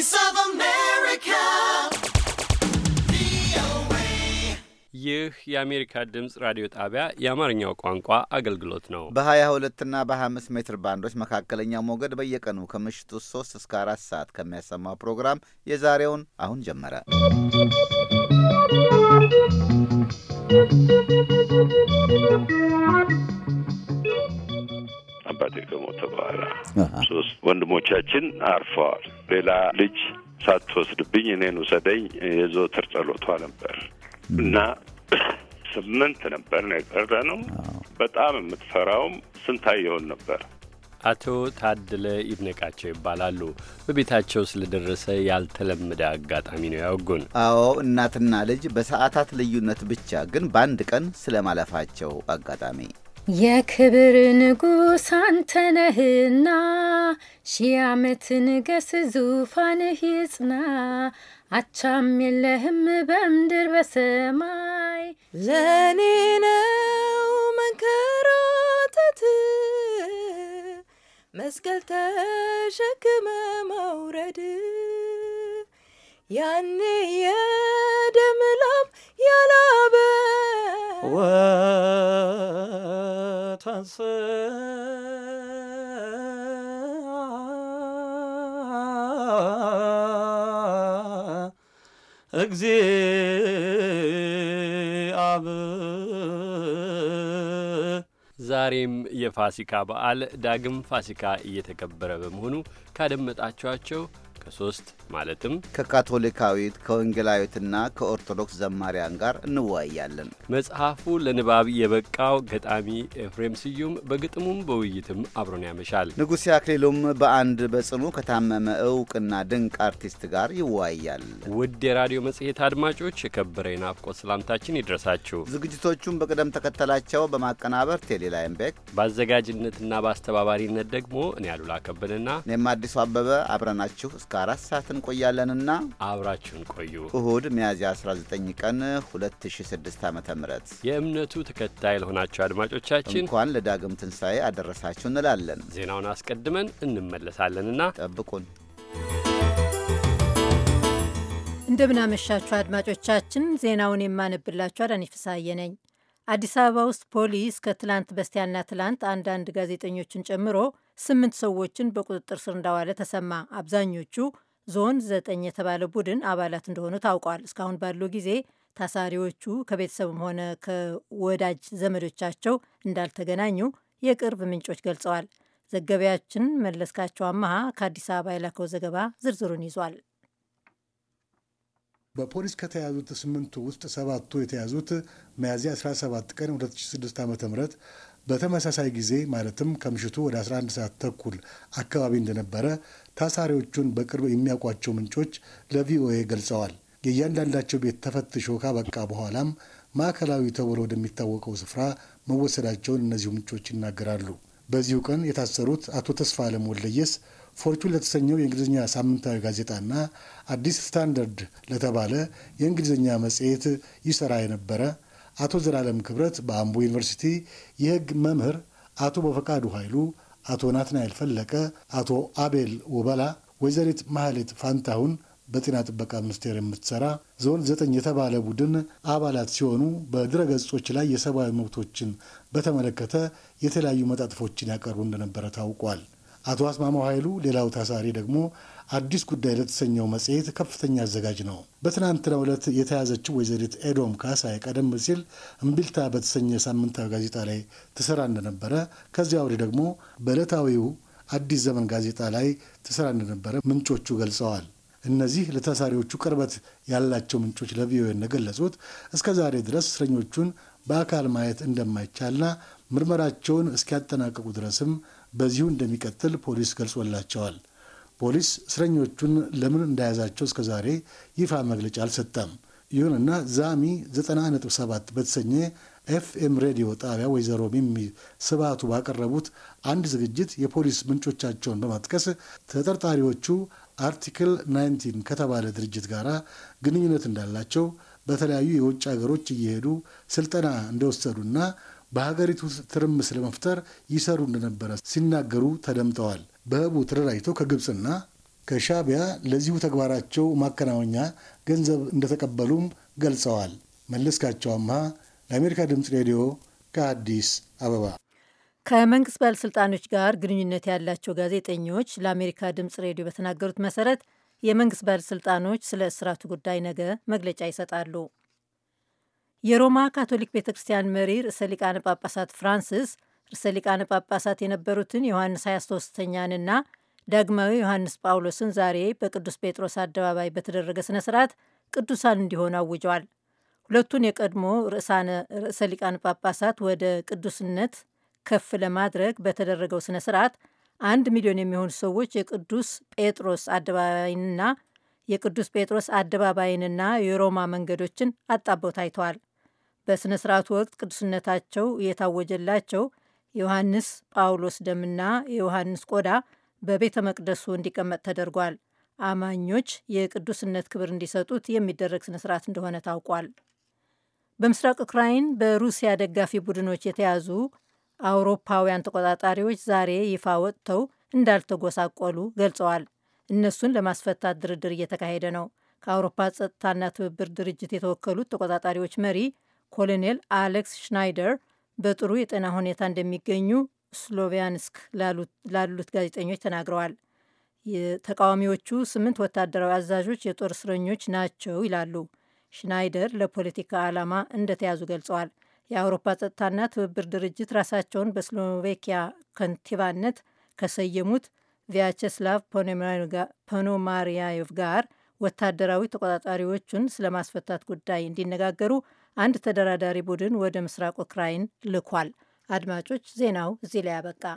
Voice of America. ይህ የአሜሪካ ድምፅ ራዲዮ ጣቢያ የአማርኛው ቋንቋ አገልግሎት ነው። በ22 እና በ25 ሜትር ባንዶች መካከለኛ ሞገድ በየቀኑ ከምሽቱ 3 እስከ 4 ሰዓት ከሚያሰማው ፕሮግራም የዛሬውን አሁን ጀመረ። ¶¶ አባቴ ከሞተ በኋላ ሶስት ወንድሞቻችን አርፈዋል። ሌላ ልጅ ሳትወስድብኝ እኔን ውሰደኝ የዘወትር ጸሎቷ ነበር እና ስምንት ነበር ነው የቀረ ነው። በጣም የምትፈራውም ስንታየውን ነበር። አቶ ታድለ ይድነቃቸው ይባላሉ። በቤታቸው ስለደረሰ ያልተለመደ አጋጣሚ ነው ያወጉን። አዎ እናትና ልጅ በሰዓታት ልዩነት ብቻ ግን በአንድ ቀን ስለማለፋቸው አጋጣሚ የክብር ንጉሥ አንተነህና ሺህ ዓመት ንገስ ዙፋንህ ይጽና አቻም የለህም በምድር በሰማይ። ለእኔ ነው መንከራተት መስቀል ተሸክመ መውረድ ያኔ የደም እግዚአብ ዛሬም የፋሲካ በዓል ዳግም ፋሲካ እየተከበረ በመሆኑ ካደመጣችኋቸው ከሶስት ማለትም ከካቶሊካዊት ከወንጌላዊትና ከኦርቶዶክስ ዘማሪያን ጋር እንወያያለን። መጽሐፉ ለንባብ የበቃው ገጣሚ ኤፍሬም ስዩም በግጥሙም በውይይትም አብሮን ያመሻል። ንጉሴ አክሊሉም በአንድ በጽኑ ከታመመ እውቅና ድንቅ አርቲስት ጋር ይወያያል። ውድ የራዲዮ መጽሔት አድማጮች የከበረ የናፍቆት ሰላምታችን ይድረሳችሁ። ዝግጅቶቹን በቅደም ተከተላቸው በማቀናበር ቤክ በአዘጋጅነትና በአስተባባሪነት ደግሞ እኔ አሉላ ከበደና እኔም አዲሱ አበበ አብረናችሁ እስከ አራት ሰዓት እንቆያለንና አብራችሁን ቆዩ። እሁድ ሚያዝያ 19 ቀን 2006 ዓ ም የእምነቱ ተከታይ ለሆናችሁ አድማጮቻችን እንኳን ለዳግም ትንሣኤ አደረሳችሁ እንላለን። ዜናውን አስቀድመን እንመለሳለንና ጠብቁን። እንደምናመሻችሁ አድማጮቻችን፣ ዜናውን የማነብላችሁ አዳነች ፍስሐዬ ነኝ። አዲስ አበባ ውስጥ ፖሊስ ከትላንት በስቲያና ትላንት አንዳንድ ጋዜጠኞችን ጨምሮ ስምንት ሰዎችን በቁጥጥር ስር እንዳዋለ ተሰማ። አብዛኞቹ ዞን ዘጠኝ የተባለ ቡድን አባላት እንደሆኑ ታውቋል። እስካሁን ባለው ጊዜ ታሳሪዎቹ ከቤተሰብም ሆነ ከወዳጅ ዘመዶቻቸው እንዳልተገናኙ የቅርብ ምንጮች ገልጸዋል። ዘጋቢያችን መለስካቸው አመሃ ከአዲስ አበባ የላከው ዘገባ ዝርዝሩን ይዟል። በፖሊስ ከተያዙት ስምንቱ ውስጥ ሰባቱ የተያዙት ሚያዝያ 17 ቀን 2006 ዓ ም በተመሳሳይ ጊዜ ማለትም ከምሽቱ ወደ 11 ሰዓት ተኩል አካባቢ እንደነበረ ታሳሪዎቹን በቅርብ የሚያውቋቸው ምንጮች ለቪኦኤ ገልጸዋል። የእያንዳንዳቸው ቤት ተፈትሾ ካበቃ በኋላም ማዕከላዊ ተብሎ ወደሚታወቀው ስፍራ መወሰዳቸውን እነዚሁ ምንጮች ይናገራሉ። በዚሁ ቀን የታሰሩት አቶ ተስፋ አለም ወልደየስ ፎርቹን ለተሰኘው የእንግሊዝኛ ሳምንታዊ ጋዜጣና አዲስ ስታንደርድ ለተባለ የእንግሊዝኛ መጽሔት ይሰራ የነበረ አቶ ዘላለም ክብረት በአምቦ ዩኒቨርሲቲ የሕግ መምህር አቶ በፈቃዱ ኃይሉ አቶ ናትናኤል ፈለቀ፣ አቶ አቤል ወበላ፣ ወይዘሪት ማህሌት ፋንታሁን በጤና ጥበቃ ሚኒስቴር የምትሰራ ዞን ዘጠኝ የተባለ ቡድን አባላት ሲሆኑ በድረ ገጾች ላይ የሰብአዊ መብቶችን በተመለከተ የተለያዩ መጣጥፎችን ያቀርቡ እንደነበረ ታውቋል። አቶ አስማማው ኃይሉ ሌላው ታሳሪ ደግሞ አዲስ ጉዳይ ለተሰኘው መጽሔት ከፍተኛ አዘጋጅ ነው። በትናንትናው ዕለት የተያዘችው ወይዘሪት ኤዶም ካሳይ ቀደም ሲል እምቢልታ በተሰኘ ሳምንታዊ ጋዜጣ ላይ ትሰራ እንደነበረ፣ ከዚያ ወዲህ ደግሞ በዕለታዊው አዲስ ዘመን ጋዜጣ ላይ ትሰራ እንደነበረ ምንጮቹ ገልጸዋል። እነዚህ ለታሳሪዎቹ ቅርበት ያላቸው ምንጮች ለቪኦኤ እንደገለጹት እስከ ዛሬ ድረስ እስረኞቹን በአካል ማየት እንደማይቻልና ምርመራቸውን እስኪያጠናቀቁ ድረስም በዚሁ እንደሚቀጥል ፖሊስ ገልጾላቸዋል። ፖሊስ እስረኞቹን ለምን እንደያዛቸው እስከዛሬ ይፋ መግለጫ አልሰጠም። ይሁንና ዛሚ 97 በተሰኘ ኤፍኤም ሬዲዮ ጣቢያ ወይዘሮ ሚሚ ስባቱ ባቀረቡት አንድ ዝግጅት የፖሊስ ምንጮቻቸውን በማጥቀስ ተጠርጣሪዎቹ አርቲክል 19 ከተባለ ድርጅት ጋር ግንኙነት እንዳላቸው በተለያዩ የውጭ ሀገሮች እየሄዱ ስልጠና እንደወሰዱና በሀገሪቱ ትርምስ ለመፍጠር ይሰሩ እንደነበረ ሲናገሩ ተደምጠዋል። በህቡ ተደራጅተው ከግብፅና ከሻቢያ ለዚሁ ተግባራቸው ማከናወኛ ገንዘብ እንደተቀበሉም ገልጸዋል። መለስካቸው አምሃ ለአሜሪካ ድምፅ ሬዲዮ ከአዲስ አበባ። ከመንግስት ባለሥልጣኖች ጋር ግንኙነት ያላቸው ጋዜጠኞች ለአሜሪካ ድምፅ ሬዲዮ በተናገሩት መሰረት የመንግስት ባለሥልጣኖች ስለ እስራቱ ጉዳይ ነገ መግለጫ ይሰጣሉ። የሮማ ካቶሊክ ቤተ ክርስቲያን መሪ ርዕሰ ሊቃነ ጳጳሳት ፍራንስስ ርዕሰ ሊቃነ ጳጳሳት የነበሩትን ዮሐንስ 23ኛንና ዳግማዊ ዮሐንስ ጳውሎስን ዛሬ በቅዱስ ጴጥሮስ አደባባይ በተደረገ ስነ ስርዓት ቅዱሳን እንዲሆኑ አውጀዋል። ሁለቱን የቀድሞ ርዕሰ ሊቃነ ጳጳሳት ወደ ቅዱስነት ከፍ ለማድረግ በተደረገው ስነ ስርዓት አንድ ሚሊዮን የሚሆኑ ሰዎች የቅዱስ ጴጥሮስ አደባባይንና የቅዱስ ጴጥሮስ አደባባይንና የሮማ መንገዶችን አጣበው ታይተዋል። በሥነ ሥርዓቱ ወቅት ቅዱስነታቸው የታወጀላቸው ዮሐንስ ጳውሎስ ደምና የዮሐንስ ቆዳ በቤተ መቅደሱ እንዲቀመጥ ተደርጓል። አማኞች የቅዱስነት ክብር እንዲሰጡት የሚደረግ ስነ ስርዓት እንደሆነ ታውቋል። በምስራቅ ኡክራይን በሩሲያ ደጋፊ ቡድኖች የተያዙ አውሮፓውያን ተቆጣጣሪዎች ዛሬ ይፋ ወጥተው እንዳልተጎሳቆሉ ገልጸዋል። እነሱን ለማስፈታት ድርድር እየተካሄደ ነው። ከአውሮፓ ጸጥታና ትብብር ድርጅት የተወከሉት ተቆጣጣሪዎች መሪ ኮሎኔል አሌክስ ሽናይደር በጥሩ የጤና ሁኔታ እንደሚገኙ ስሎቪያንስክ ላሉት ጋዜጠኞች ተናግረዋል። የተቃዋሚዎቹ ስምንት ወታደራዊ አዛዦች የጦር እስረኞች ናቸው ይላሉ። ሽናይደር ለፖለቲካ ዓላማ እንደተያዙ ገልጸዋል። የአውሮፓ ጸጥታና ትብብር ድርጅት ራሳቸውን በስሎቬኪያ ከንቲባነት ከሰየሙት ቪያቸስላቭ ፖኖማሪያዮቭ ጋር ወታደራዊ ተቆጣጣሪዎቹን ስለማስፈታት ጉዳይ እንዲነጋገሩ አንድ ተደራዳሪ ቡድን ወደ ምስራቅ ኡክራይን ልኳል። አድማጮች፣ ዜናው እዚህ ላይ አበቃ።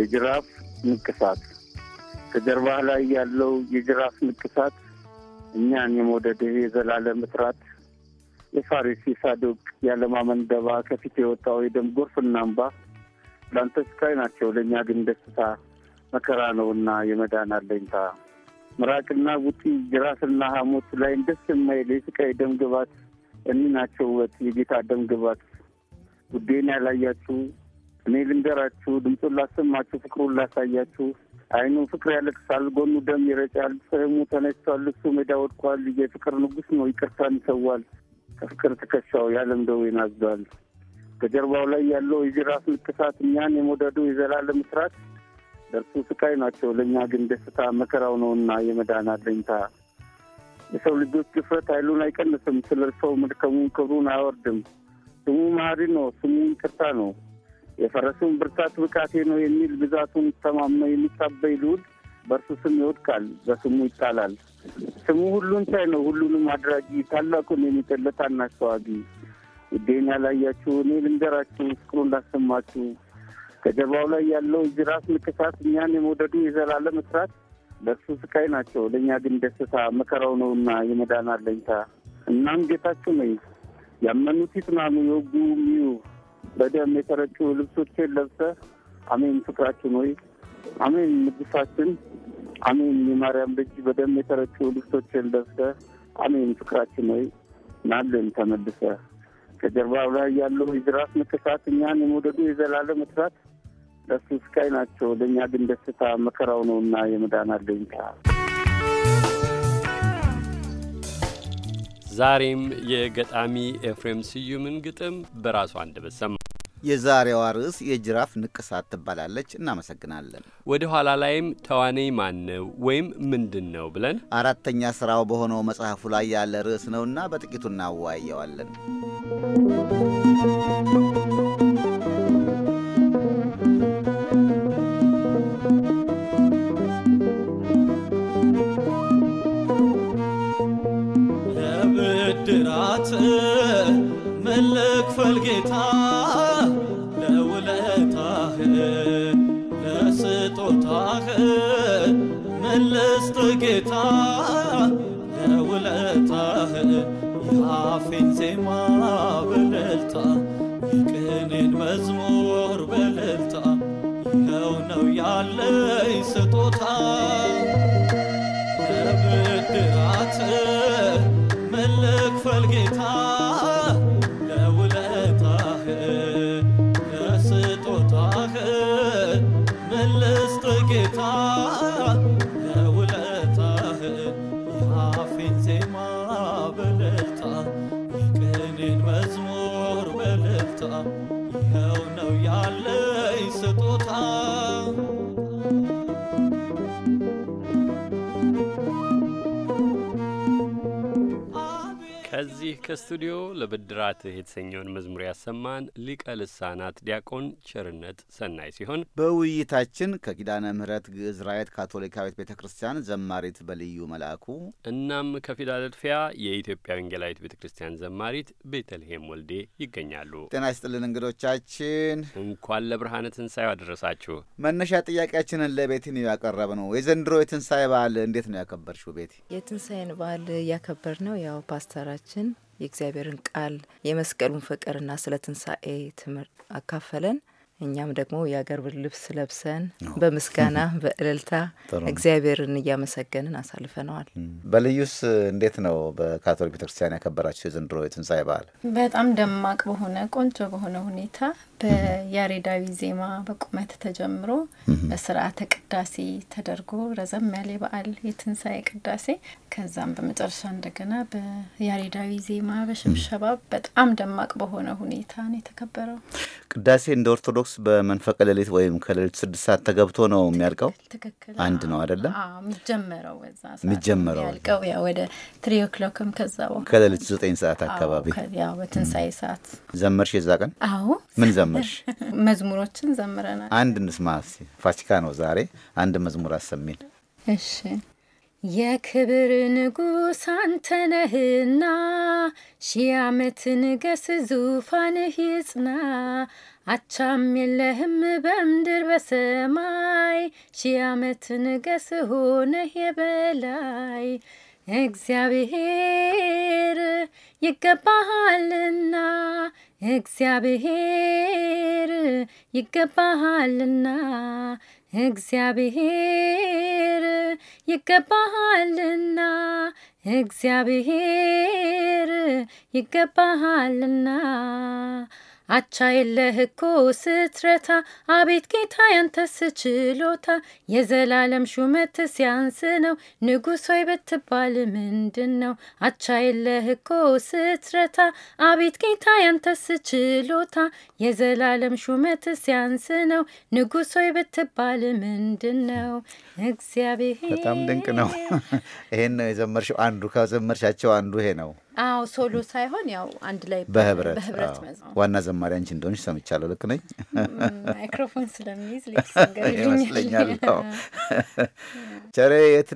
የጅራፍ ንቅሳት ከጀርባ ላይ ያለው የጅራፍ ንቅሳት እኛን የመውደድህ የዘላለም እጥራት የፋሪስ የሳዶቅ ያለማመን ደባ ከፊት የወጣው የደም ጎርፍና እንባ ለአንተ ስቃይ ናቸው፣ ለእኛ ግን ደስታ መከራ ነውና የመዳን አለኝታ ምራቅና ቡጢ ጅራትና ሐሞት ላይ ደስ የማይል የስቃይ ደም ግባት እኒ ናቸው ውበት የጌታ ደም ግባት። ውዴን ያላያችሁ እኔ ልንገራችሁ፣ ድምፁን ላሰማችሁ፣ ፍቅሩን ላሳያችሁ አይኑ ፍቅር ያለቅሳል፣ ጎኑ ደም ይረጫል፣ ጽሕሙ ተነስቷል፣ እሱ ሜዳ ወድቋል። የፍቅር ንጉሥ ነው ይቅርታን ይሰዋል፣ ከፍቅር ትከሻው ያለም ደዌን አዝዷል። በጀርባው ላይ ያለው የጅራፍ ንቅሳት እኛን የመውደዱ የዘላለም ስራት ለእርሱ ስቃይ ናቸው፣ ለእኛ ግን ደስታ መከራው ነውና የመዳን አለኝታ። የሰው ልጆች ድፍረት ኃይሉን አይቀንስም፣ ስለ ሰው መድከሙን ክብሩን አያወርድም። ስሙ መሐሪ ነው፣ ስሙ ይቅርታ ነው። የፈረሱን ብርታት ብቃቴ ነው የሚል ብዛቱን ተማመ የሚታበይ ልውድ በእርሱ ስም ይወድቃል፣ በስሙ ይጣላል። ስሙ ሁሉን ቻይ ነው፣ ሁሉንም አድራጊ፣ ታላቁን የሚጥል ለታናሽ ተዋጊ። ውዴን ያላያችሁ እኔ ልንገራችሁ፣ ፍቅሩን ላሰማችሁ። ከጀርባው ላይ ያለው ጅራፍ ንቅሳት፣ እኛን የመውደዱ የዘላለም እስራት ለእርሱ ስቃይ ናቸው፣ ለእኛ ግን ደስታ። መከራው ነውና የመዳን አለኝታ። እናም ጌታችሁ ነኝ፣ ያመኑት ይጽናኑ፣ የወጉ ሚዩ በደም የተረጩ ልብሶችን ለብሰ አሜን ፍቅራችን ሆይ አሜን ንጉሳችን አሜን የማርያም ልጅ በደም የተረጩ ልብሶችን ለብሰ አሜን ፍቅራችን ሆይ ናልን ተመልሰ ከጀርባው ላይ ያለው የጅራት መከሳት እኛን የመውደዱ የዘላለም እስራት ለሱ ስቃይ ናቸው፣ ለእኛ ግን ደስታ መከራው ነውና የመዳን አለኝታ ዛሬም የገጣሚ ኤፍሬም ስዩምን ግጥም በራሱ አንደበት ሰማ። የዛሬዋ ርዕስ የጅራፍ ንቅሳት ትባላለች። እናመሰግናለን። ወደ ኋላ ላይም ተዋነይ ማን ነው ወይም ምንድን ነው ብለን አራተኛ ስራው በሆነው መጽሐፉ ላይ ያለ ርዕስ ነውና በጥቂቱ እናወያየዋለን። ከዚህ ከስቱዲዮ ለብድራትህ የተሰኘውን መዝሙር ያሰማን ሊቀ ልሳናት ዲያቆን ቸርነት ሰናይ ሲሆን በውይይታችን ከኪዳነ ምሕረት ግዕዝ ራየት ካቶሊካዊት ቤተ ክርስቲያን ዘማሪት በልዩ መልአኩ እናም ከፊላደልፊያ የኢትዮጵያ ወንጌላዊት ቤተ ክርስቲያን ዘማሪት ቤተልሔም ወልዴ ይገኛሉ። ጤና ይስጥልን እንግዶቻችን፣ እንኳን ለብርሃነ ትንሣኤው አደረሳችሁ። መነሻ ጥያቄያችንን ለቤት ነው ያቀረብ ነው። የዘንድሮ የትንሣኤ በዓል እንዴት ነው ያከበርሽው ቤት? የትንሣኤን በዓል እያከበር ነው ያው ፓስተራችን የእግዚአብሔርን ቃል የመስቀሉን ፍቅርና ስለ ትንሣኤ ትምህርት አካፈለን። እኛም ደግሞ የአገር ልብስ ለብሰን በምስጋና በእልልታ እግዚአብሔርን እያመሰገንን አሳልፈነዋል። በልዩስ እንዴት ነው በካቶሊክ ቤተክርስቲያን ያከበራችሁ የዘንድሮ የትንሣኤ በዓል? በጣም ደማቅ በሆነ ቆንጆ በሆነ ሁኔታ በያሬዳዊ ዜማ በቁመት ተጀምሮ በስርዓተ ቅዳሴ ተደርጎ ረዘም ያለ በዓል የትንሣኤ ቅዳሴ ከዛም በመጨረሻ እንደገና በያሬዳዊ ዜማ በሽብሸባ በጣም ደማቅ በሆነ ሁኔታ ነው የተከበረው። ቅዳሴ እንደ ኦርቶዶክስ በመንፈቀ ሌሊት ወይም ከሌሊት ስድስት ሰዓት ተገብቶ ነው የሚያልቀው። ትክክል አንድ ነው አይደለም? የሚጀመረው ዛ የሚጀመረው ያልቀው ያ ወደ ትሪ ኦክሎክም ከዛ በኋላ ከሌሊት ዘጠኝ ሰዓት አካባቢ ያው በትንሣኤ ሰዓት ዘመርሽ የዛ ቀን? አዎ ምን ዘመር ዘመርሽ። መዝሙሮችን ዘምረናል። አንድ እንስማ። ፋሲካ ነው ዛሬ። አንድ መዝሙር አሰሚን። እሺ የክብር ንጉሥ አንተነህና ሺህ ዓመት ንገስ፣ ዙፋንህ ይጽና። አቻም የለህም በምድር በሰማይ፣ ሺህ ዓመት ንገስ፣ ሆነህ የበላይ እግዚአብሔር ይገባሃልና እግዚአብሔር ይገባሃልና እግዚአብሔር ይገባሃልና እግዚአብሔር ይገባሃልና አቻ የለህ እኮ ስትረታ አቤት ጌታ ያንተስ ችሎታ የዘላለም ሹመት ሲያንስ ነው ንጉሥ ሆይ ብትባል ምንድን ነው? አቻ የለህ እኮ ስትረታ አቤት ጌታ ያንተስ ችሎታ የዘላለም ሹመት ሲያንስ ነው ንጉሥ ሆይ ብትባል ምንድን ነው? እግዚአብሔር በጣም ድንቅ ነው። ይሄን ነው የዘመርሽው። አንዱ ከዘመርሻቸው አንዱ ይሄ ነው። አዎ ሶሎ ሳይሆን ያው አንድ ላይ በህብረት ዋና ዘማሪ አንቺ እንደሆንሽ ሰምቻለሁ። ልክ ነኝ? ማይክሮፎን ስለሚይዝ ይመስለኛል። ቸሬ የት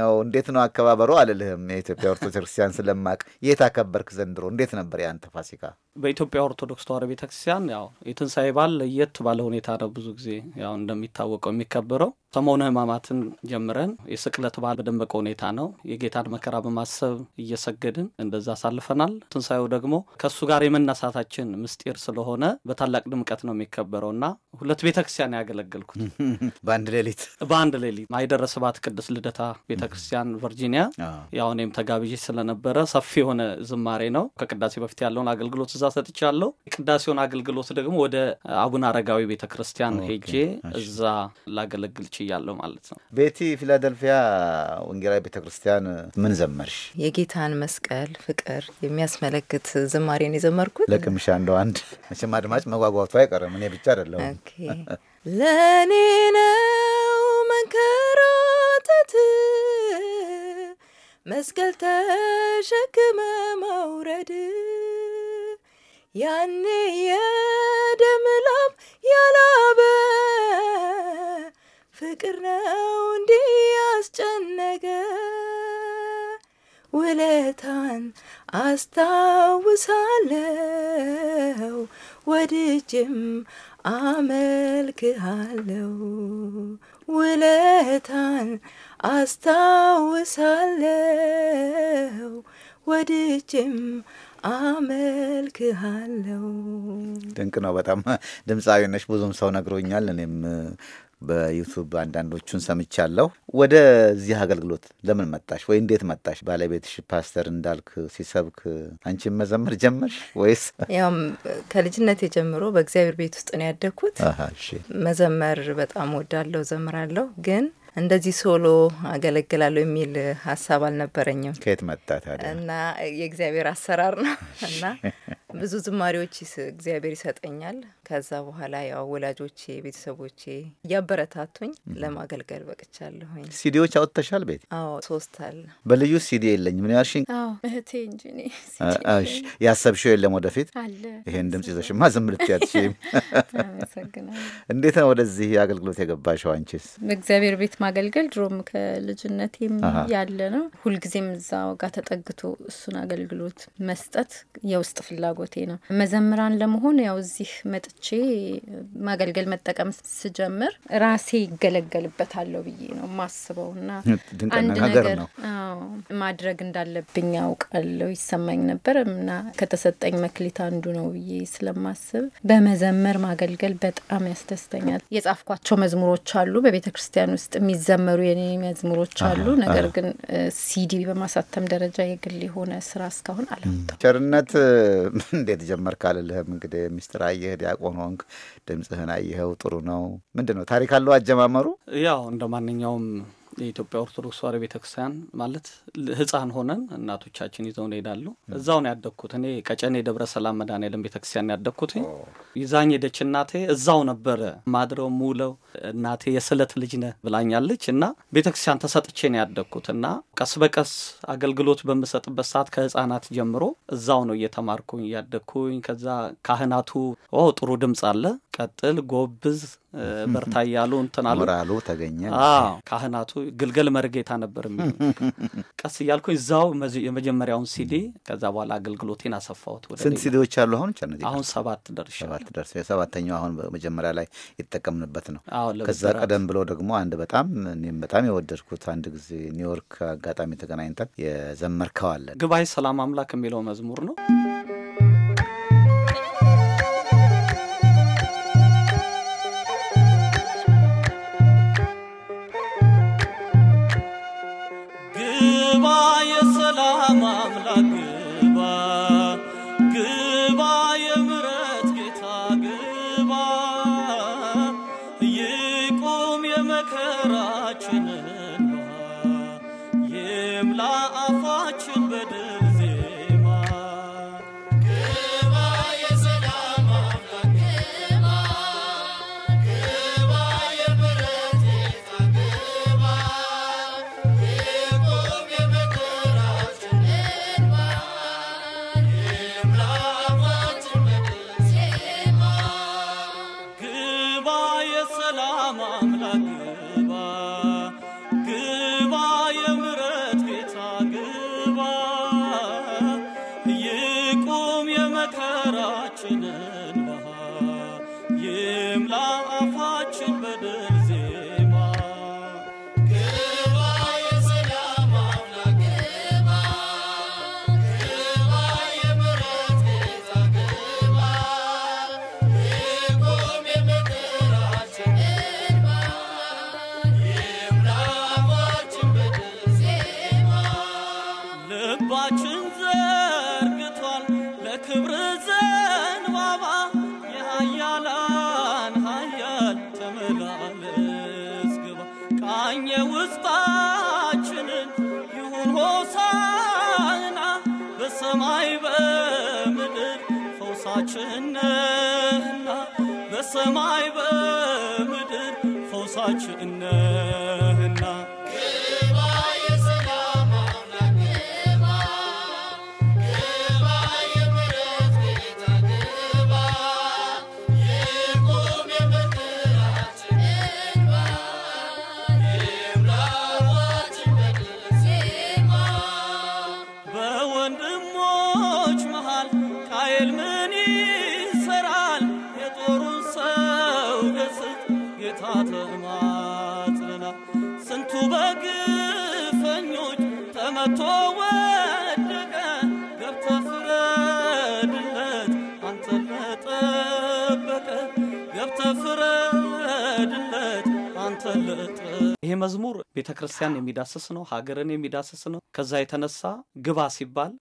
ነው እንዴት ነው አከባበሩ? አልልህም የኢትዮጵያ ኦርቶዶክስ ክርስቲያን ስለማቅ የት አከበርክ ዘንድሮ? እንዴት ነበር የአንተ ፋሲካ? በኢትዮጵያ ኦርቶዶክስ ተዋሕዶ ቤተክርስቲያን ያው የትን በዓል ለየት ባለ ሁኔታ ነው ብዙ ጊዜ ያው እንደሚታወቀው የሚከበረው ሰሞነ ሕማማትን ጀምረን የስቅለት በዓል በደመቀ ሁኔታ ነው። የጌታን መከራ በማሰብ እየሰገድን እንደዛ አሳልፈናል። ትንሣኤው ደግሞ ከእሱ ጋር የመነሳታችን ምስጢር ስለሆነ በታላቅ ድምቀት ነው የሚከበረው እና ሁለት ቤተ ክርስቲያን ያገለገልኩት በአንድ ሌሊት በአንድ ሌሊት ማይደረ ስብሐት ልደታ ቤተ ክርስቲያን ቨርጂኒያ፣ ያው እኔም ተጋብዤ ስለነበረ ሰፊ የሆነ ዝማሬ ነው። ከቅዳሴ በፊት ያለውን አገልግሎት እዛ ሰጥቻለሁ። የቅዳሴውን አገልግሎት ደግሞ ወደ አቡነ አረጋዊ ቤተ ክርስቲያን ሄጄ እዛ ላገለግል ችያለሁ ማለት ነው። ቤቲ ፊላደልፊያ ወንጌላዊ ቤተ ክርስቲያን ምን ዘመርሽ? የጌታን መስቀል ፍቅር የሚያስመለክት ዝማሬን የዘመርኩት ለቅምሻ እንደው አንድ መቼም አድማጭ መጓጓቱ አይቀርም። እኔ ብቻ አይደለም ለእኔ ነው መንከራተት መስቀል ተሸክመ መውረድ ያኔ የደም ላብ ፍቅር ነው እንዲ ያስጨነቀ ውለታን አስታውሳለው ወድጅም አመልክሃለው ውለታን አስታውሳለው ወድጅም አመልክሃለው። ድንቅ ነው በጣም ድምፃዊ ነሽ፣ ብዙም ሰው ነግሮኛል እኔም በዩቱብ አንዳንዶቹን ሰምቻለሁ። ወደዚህ አገልግሎት ለምን መጣሽ ወይ እንዴት መጣሽ? ባለቤትሽ ፓስተር እንዳልክ ሲሰብክ አንቺን መዘመር ጀመርሽ ወይስ? ያው ከልጅነት ጀምሮ በእግዚአብሔር ቤት ውስጥ ነው ያደግኩት። መዘመር በጣም ወዳለሁ፣ ዘምራለሁ ግን እንደዚህ ሶሎ አገለግላለሁ የሚል ሀሳብ አልነበረኝም። ከየት መጣ ታዲያ? እና የእግዚአብሔር አሰራር ነው እና ብዙ ዝማሪዎች እግዚአብሔር ይሰጠኛል። ከዛ በኋላ ያው ወላጆቼ፣ ቤተሰቦቼ እያበረታቱኝ ለማገልገል በቅቻለሁኝ። ሲዲዎች አውጥተሻል ቤት? አዎ ሶስት አለ። በልዩ ሲዲ የለኝ ምን ያልሽኝ? እህቴ እንጂ እሺ። ያሰብሽው የለም ወደፊት? አለ ይሄን ድምጽ ይዘሽማ ዝም ልትያትሽም። እንዴት ነው ወደዚህ አገልግሎት የገባሽው አንቺስ? እግዚአብሔር ቤት ማገልገል ድሮም ከልጅነቴም ያለ ነው። ሁልጊዜም እዛ ጋር ተጠግቶ እሱን አገልግሎት መስጠት የውስጥ ፍላጎት ፍላጎቴ ነው። መዘምራን ለመሆን ያው እዚህ መጥቼ ማገልገል መጠቀም ስጀምር ራሴ ይገለገልበታለሁ ብዬ ነው ማስበው እና አንድ ነገር ማድረግ እንዳለብኝ አውቃለሁ ይሰማኝ ነበር እና ከተሰጠኝ መክሊት አንዱ ነው ብዬ ስለማስብ በመዘመር ማገልገል በጣም ያስደስተኛል። የጻፍኳቸው መዝሙሮች አሉ። በቤተ ክርስቲያን ውስጥ የሚዘመሩ የኔ መዝሙሮች አሉ። ነገር ግን ሲዲ በማሳተም ደረጃ የግል የሆነ ስራ እስካሁን አላወጣም። ቸርነት እንዴት ጀመርክ አልልህም። እንግዲህ ሚስጥር አየህ፣ ዲያቆን ሆንክ፣ ድምፅህን አየኸው፣ ጥሩ ነው። ምንድን ነው ታሪክ አለው አጀማመሩ? ያው እንደ ማንኛውም የኢትዮጵያ ኦርቶዶክስ ተዋሕዶ ቤተክርስቲያን ማለት ህፃን ሆነን እናቶቻችን ይዘው ይሄዳሉ። እዛው ነው ያደግኩት እኔ ቀጨኔ ደብረ ሰላም መድኃኔዓለም ቤተክርስቲያን ያደግኩት። ይዛኝ ሄደች እናቴ። እዛው ነበረ ማድረው ሙለው። እናቴ የስለት ልጅ ነ ብላኛለች እና ቤተክርስቲያን ተሰጥቼ ነው ያደግኩት እና ቀስ በቀስ አገልግሎት በምሰጥበት ሰዓት ከህፃናት ጀምሮ እዛው ነው እየተማርኩኝ እያደግኩኝ ከዛ ካህናቱ ኦ ጥሩ ድምፅ አለ ቀጥል፣ ጎብዝ፣ በርታ እያሉ ተገኘ ካህናቱ ግልገል መርጌታ ነበር የሚ ቀስ እያልኩኝ እዛው የመጀመሪያውን ሲዲ ከዛ በኋላ አገልግሎቴን አሰፋሁት። ስንት ሲዲዎች አሉ አሁን? አሁን ሰባት ደርሰባት ሰባት ደርሰ የሰባተኛው አሁን መጀመሪያ ላይ የተጠቀምንበት ነው። ከዛ ቀደም ብሎ ደግሞ አንድ በጣም እኔም በጣም የወደድኩት አንድ ጊዜ ኒውዮርክ አጋጣሚ ተገናኝተን የዘመርከዋለን ግባይ ሰላም አምላክ የሚለው መዝሙር ነው። tamamladı የክብር ዘንባባ የሀያላን ሀያል ተመላለስ ግባ ቃኘ ውስጣችንን ይሁን ሆሳና በሰማይ በምድር ፈውሳችን ነህና በሰማይ በምድር ፈውሳችን ፍረድለት አንተ ይሄ መዝሙር ቤተ ክርስቲያን የሚዳስስ ነው፣ ሀገርን የሚዳስስ ነው። ከዛ የተነሳ ግባ ሲባል